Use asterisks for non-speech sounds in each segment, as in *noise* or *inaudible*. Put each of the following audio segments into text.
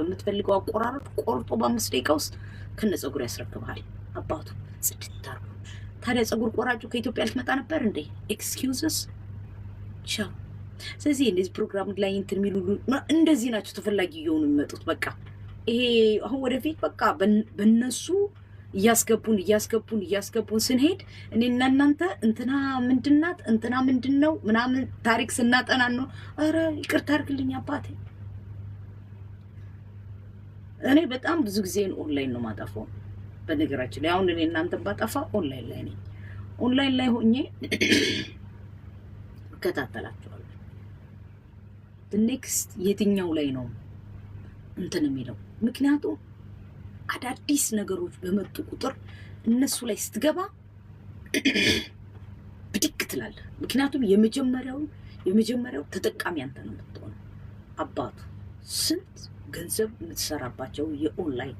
በምትፈልገው አቆራረጥ ቆርጦ በአምስት ደቂቃ ውስጥ ከነ ፀጉር ያስረክብሃል አባቱ ጽድት ታዲያ ፀጉር ቆራጩ ከኢትዮጵያ ልትመጣ ነበር እንዴ? ኤክስኪውዝስ ቻው። ስለዚህ እንደዚህ ፕሮግራም ላይ እንትን የሚሉ እንደዚህ ናቸው ተፈላጊ እየሆኑ የሚመጡት። በቃ ይሄ አሁን ወደፊት በቃ በነሱ እያስገቡን እያስገቡን እያስገቡን ስንሄድ እኔና እናንተ እንትና ምንድናት እንትና ምንድን ነው ምናምን ታሪክ ስናጠና ነው። ኧረ ይቅርታ አድርግልኝ አባቴ እኔ በጣም ብዙ ጊዜን ኦንላይን ነው ማጠፋው። በነገራችን ላይ አሁን እኔ ባጠፋ ኦንላይን ላይ ነኝ። ኦንላይን ላይ ሆኜ እከታተላቸዋለሁ። ኔክስት የትኛው ላይ ነው እንትን የሚለው ምክንያቱም አዳዲስ ነገሮች በመጡ ቁጥር እነሱ ላይ ስትገባ ብድግ ትላለህ። ምክንያቱም የመጀመሪያው የመጀመሪያው ተጠቃሚ አንተ ነው የምትሆነው። አባቱ ስንት ገንዘብ የምትሰራባቸው የኦንላይን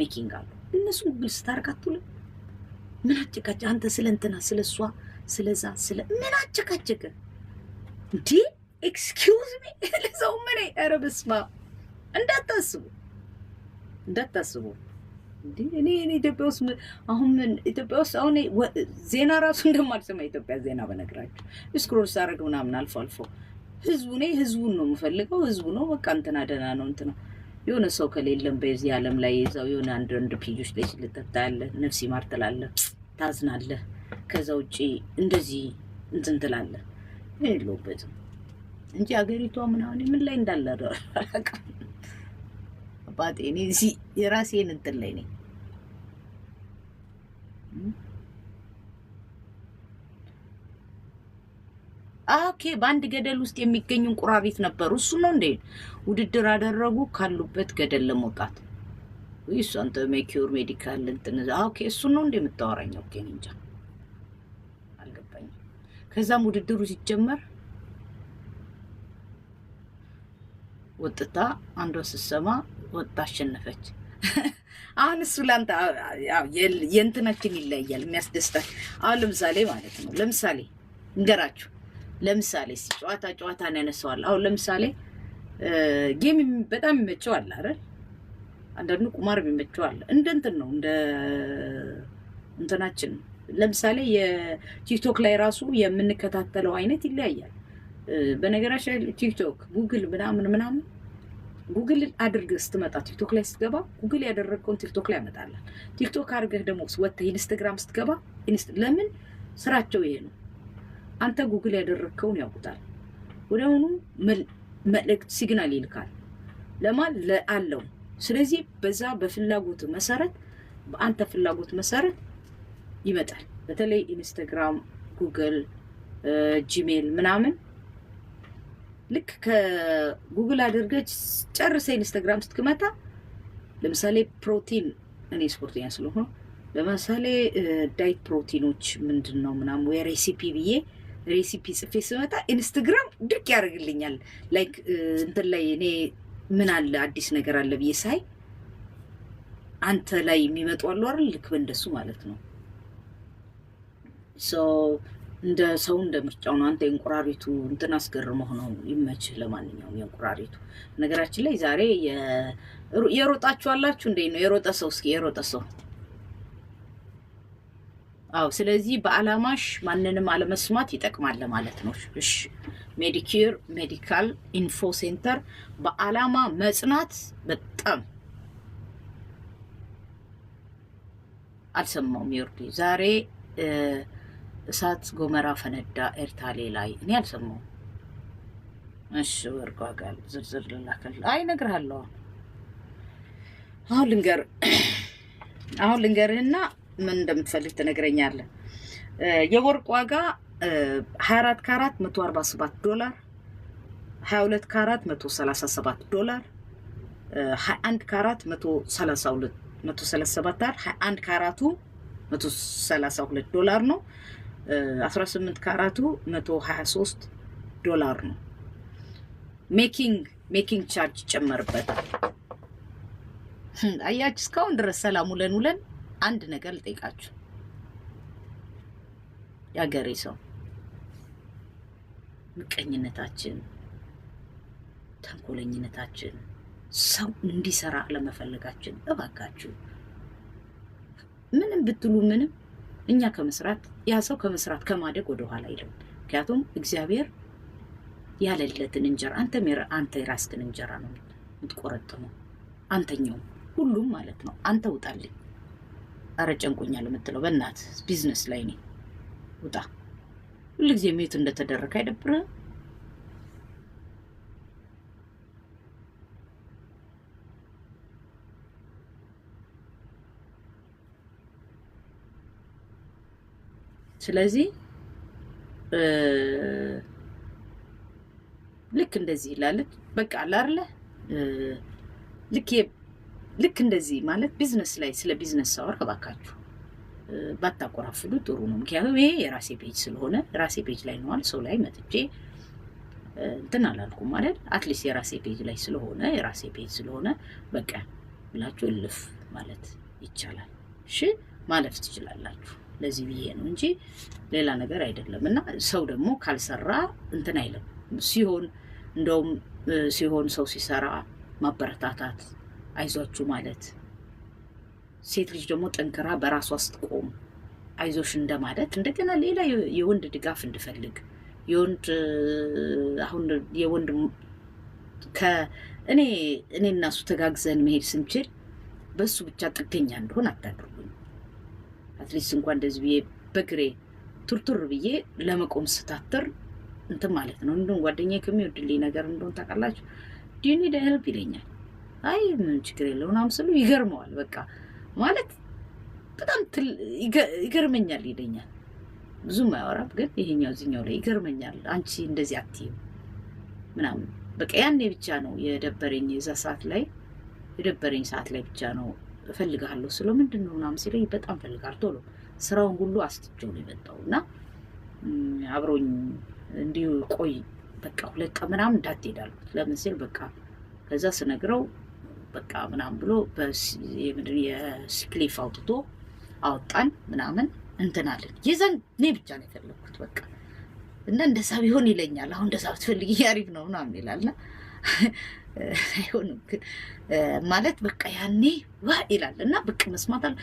ሜኪንግ አሉ። እነሱን ግልጽ ታርጋቱል። ምን አጨቃጨ አንተ ስለ እንትና ስለ እሷ ስለዛ ስለ ምን አጨቃጨቀ እንዲ ኤክስኪውዝ ሚ ለዛው ምን ረብስማ እንዳታስቡ እንዳታስቡ። እኔ እኔ ኢትዮጵያ ውስጥ አሁን ምን ኢትዮጵያ ውስጥ አሁን ዜና ራሱ እንደማልሰማ ኢትዮጵያ ዜና በነገራችሁ ስክሮል ሳደርግ ምናምን አልፎ አልፎ ህዝቡ እኔ ህዝቡን ነው የምፈልገው። ህዝቡ ነው በቃ እንትና ደህና ነው እንትና የሆነ ሰው ከሌለም በዚህ ዓለም ላይ የዛው የሆነ አንድ ወንድ ፒጆች ላይ ስልጠጣ ያለ ነፍስ ይማር ትላለህ፣ ታዝናለህ። ከዛ ውጭ እንደዚህ እንትን ትላለህ። ምን የለውበትም እንጂ ሀገሪቷ ምናምን ምን ላይ እንዳለ አላውቅም። አባቴ እኔ እዚህ የራሴን እንትን ላይ ነኝ። ኦኬ፣ በአንድ ገደል ውስጥ የሚገኙ እንቁራሪት ነበሩ። እሱ ነው እንዴ ውድድር አደረጉ ካሉበት ገደል ለመውጣት? ይሱ አንተ ሜኪዩር ሜዲካል እንትን ኦኬ፣ እሱ ነው እንዴ የምታወራኝ? ኦኬ፣ እንጃ አልገባኝም። ከዛም ውድድሩ ሲጀመር ወጥታ አንዷ ስትሰማ ወጥታ አሸነፈች። *laughs* አሁን እሱ ለአንተ የእንትናችን ይለያል። የሚያስደስታል አሁን ለምሳሌ ማለት ነው ለምሳሌ እንገራችሁ ለምሳሌ ጨዋታ ጨዋታን ያነሳዋል። አሁን ለምሳሌ ጌም በጣም የሚመቸው አለ አይደል? አንዳንዱ ቁማር የሚመቸው አለ። እንደ እንትን ነው እንደ እንትናችን ለምሳሌ የቲክቶክ ላይ ራሱ የምንከታተለው አይነት ይለያያል። በነገራችን ቲክቶክ ጉግል ምናምን ምናምን ጉግል አድርገህ ስትመጣ ቲክቶክ ላይ ስትገባ ጉግል ያደረግከውን ቲክቶክ ላይ ያመጣላል። ቲክቶክ አድርገህ ደግሞ ወጥተህ ኢንስታግራም ስትገባ ለምን ስራቸው ይሄ ነው። አንተ ጉግል ያደረግከውን ያውቁታል። ወደሆኑ መልእክት ሲግናል ይልካል ለማን ለአለው። ስለዚህ በዛ በፍላጎት መሰረት በአንተ ፍላጎት መሰረት ይመጣል። በተለይ ኢንስታግራም፣ ጉግል፣ ጂሜል ምናምን ልክ ከጉግል አድርገች ጨርሰ ኢንስታግራም ስትክመታ ለምሳሌ ፕሮቲን እኔ ስፖርተኛ ስለሆነ ለምሳሌ ዳይት ፕሮቲኖች ምንድን ነው ምናምን ወይ ሬሲፒ ብዬ ሬሲፒ ጽፌ ስመጣ ኢንስትግራም ድርቅ ያደርግልኛል። ላይክ እንትን ላይ እኔ ምን አለ አዲስ ነገር አለ ብዬ ሳይ አንተ ላይ የሚመጡ አሉ አይደል? ልክ በእንደሱ ማለት ነው። እንደ ሰው እንደ ምርጫው ነው። አንተ የእንቁራሪቱ እንትን አስገርመው ነው። ይመችህ። ለማንኛውም የእንቁራሪቱ ነገራችን ላይ ዛሬ የሮጣችሁ አላችሁ እንዴ? ነው የሮጠ ሰው እስኪ የሮጠ ሰው አዎ ስለዚህ በአላማሽ ማንንም አለመስማት ይጠቅማል ለማለት ነው። እሺ ሜዲኪር ሜዲካል ኢንፎ ሴንተር በአላማ መጽናት በጣም አልሰማውም። ይወርዱ ዛሬ እሳት ጎመራ ፈነዳ ኤርታሌ ላይ እኔ አልሰማውም። እሺ ወርጓጋል ዝርዝር ልላከል አይ እነግርሃለሁ። አሁን ልንገር አሁን ልንገርህና ምን እንደምትፈልግ ትነግረኛለህ። የወርቅ ዋጋ 24 ካራት 147 ዶላር፣ 22 ካራት 137 ዶላር፣ 21 ካራት 137 ዶላር፣ 21 ካራቱ 132 ዶላር ነው። 18 ካራቱ 123 ዶላር ነው። ሜኪንግ ሜኪንግ ቻርጅ ይጨመርበታል። አያች እስካሁን ድረስ ሰላም ውለን ውለን አንድ ነገር ልጠይቃችሁ የአገሬ ሰው ምቀኝነታችን፣ ተንኮለኝነታችን፣ ሰው እንዲሰራ ለመፈለጋችን እባካችሁ ምንም ብትሉ ምንም እኛ ከመስራት ያ ሰው ከመስራት ከማደግ ወደኋላ አይልም። ምክንያቱም እግዚአብሔር ያለለትን እንጀራ አንተ አንተ የራስክን እንጀራ ነው የምትቆረጥመው። አንተኛውም ሁሉም ማለት ነው አንተ ውጣልኝ አረ ጨንቆኛል የምትለው በእናት ቢዝነስ ላይ ነኝ ውጣ። ሁልጊዜ ሜት እንደተደረከ አይደብረ ስለዚህ ልክ እንደዚህ ይላለች። በቃ አላርለ ልክ ልክ እንደዚህ ማለት ቢዝነስ ላይ ስለ ቢዝነስ ሳወራ እባካችሁ ባታቆራፍሉ ጥሩ ነው። ምክንያቱም ይሄ የራሴ ፔጅ ስለሆነ ራሴ ፔጅ ላይ ነዋል ሰው ላይ መጥቼ እንትን አላልኩም ማለት አትሊስት የራሴ ፔጅ ላይ ስለሆነ የራሴ ፔጅ ስለሆነ በቃ ብላችሁ እልፍ ማለት ይቻላል። እሺ ማለፍ ትችላላችሁ። ለዚህ ብዬ ነው እንጂ ሌላ ነገር አይደለም። እና ሰው ደግሞ ካልሰራ እንትን አይልም ሲሆን እንደውም ሲሆን ሰው ሲሰራ ማበረታታት አይዟችሁ ማለት ሴት ልጅ ደግሞ ጠንክራ በራሷ ስትቆም አይዞሽ እንደማለት እንደገና ሌላ የወንድ ድጋፍ እንድፈልግ የወንድ አሁን የወንድ ከእኔ እኔ እና እሱ ተጋግዘን መሄድ ስንችል በእሱ ብቻ ጥገኛ እንደሆን አታድርጉኝ። አትሊስት እንኳን እንደዚህ ብዬ በግሬ ቱርቱር ብዬ ለመቆም ስታትር እንትን ማለት ነው። እንዲሁም ጓደኛ ከሚወድልኝ ነገር እንደሆን ታውቃላችሁ ዲኒ ደህልብ ይለኛል። አይ ምንም ችግር የለው ምናምን ስሉ ይገርመዋል። በቃ ማለት በጣም ይገርመኛል ይለኛል። ብዙም አያወራም፣ ግን ይሄኛው እዚኛው ላይ ይገርመኛል። አንቺ እንደዚህ አትይም ምናምን በቃ ያኔ ብቻ ነው የደበረኝ። የዛ ሰዓት ላይ የደበረኝ ሰዓት ላይ ብቻ ነው እፈልግሃለሁ ስለው ምንድን ነው ምናምን ሲለኝ በጣም ፈልጋል ቶሎ ስራውን ሁሉ አስትቼው ነው የመጣው እና አብሮኝ እንዲሁ ቆይ በቃ ሁለት ቀን ምናምን እንዳትሄድ አልኩት። ለምን ሲል በቃ ከዛ ስነግረው በቃ ምናምን ብሎ የስክሌፍ አውጥቶ አወጣን ምናምን እንትናለን። የዛን እኔ ብቻ ነው የፈለግኩት በቃ እና እንደዛ ቢሆን ይለኛል። አሁን እንደዛ ብትፈልግ አሪፍ ነው ምናምን ይላልና *laughs* አይሆንም ግን ማለት በቃ ያኔ ዋ ይላል እና በቃ መስማት አለ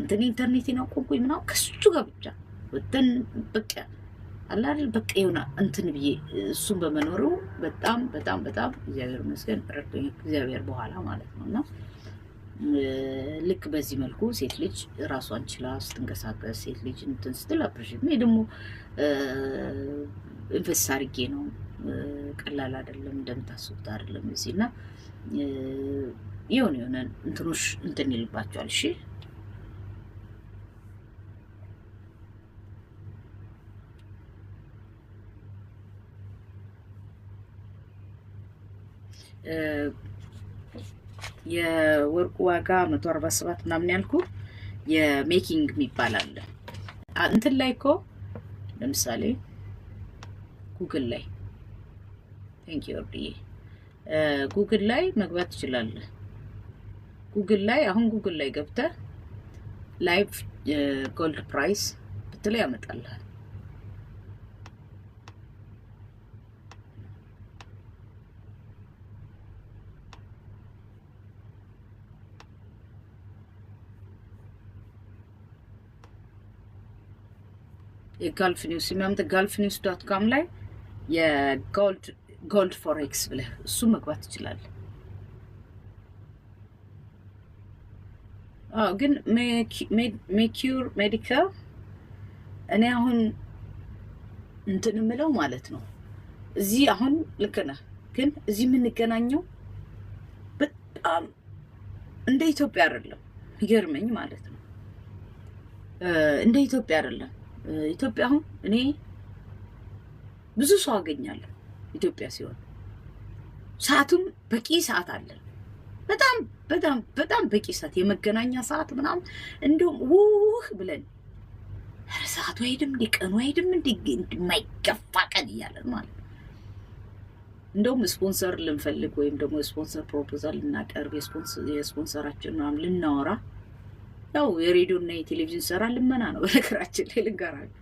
እንትን ኢንተርኔት ናቆንኩኝ ምናምን ከሱ ጋር ብቻ ወተን በቃ አይደል በቃ የሆነ እንትን ብዬ እሱን በመኖሩ በጣም በጣም በጣም እግዚአብሔር ይመስገን እግዚአብሔር በኋላ ማለት ነው። እና ልክ በዚህ መልኩ ሴት ልጅ ራሷን ችላ ስትንቀሳቀስ ሴት ልጅ እንትን ስትል አፕሪሼት ነው። ደግሞ ኢንቨስት አድርጌ ነው ቀላል አይደለም፣ እንደምታስቡት አይደለም እዚህ እና የሆነ የሆነ እንትኖች እንትን ይልባቸዋል። እሺ የወርቁ ዋጋ 147 ምናምን ያልኩ የሜኪንግ የሚባል አለ። እንትን ላይ እኮ ለምሳሌ ጉግል ላይ ቴንክ ዩ ወርድዬ፣ ጉግል ላይ መግባት ትችላለህ። ጉግል ላይ አሁን ጉግል ላይ ገብተህ ላይቭ ጎልድ ፕራይስ ብትለው ያመጣልሃል። የጋልፍ ኒውስ የሚያምት ጋልፍ ኒውስ ዶት ኮም ላይ የጎልድ ፎሬክስ ብለህ እሱ መግባት ትችላለህ። ግን ሜኪር ሜዲካል እኔ አሁን እንትን ምለው ማለት ነው እዚህ አሁን ልክ ነህ፣ ግን እዚህ የምንገናኘው በጣም እንደ ኢትዮጵያ አይደለም። ይገርመኝ ማለት ነው እንደ ኢትዮጵያ አይደለም። ኢትዮጵያ አሁን እኔ ብዙ ሰው አገኛለሁ ኢትዮጵያ ሲሆን ሰዓቱም በቂ ሰዓት አለን። በጣም በጣም በጣም በቂ ሰዓት የመገናኛ ሰዓት ምናምን እንደውም ውህ ብለን ሰዓቱ አይሄድም እንዲ ቀኑ አይሄድም እንዲ የማይገፋ ቀን እያለን ማለት እንደውም ስፖንሰር ልንፈልግ ወይም ደግሞ የስፖንሰር ፕሮፖዛል ልናቀርብ የስፖንሰራችን ምናምን ልናወራ ያው የሬዲዮ እና የቴሌቪዥን ስራ ልመና ነው። በነገራችን ላይ ልንገራችሁ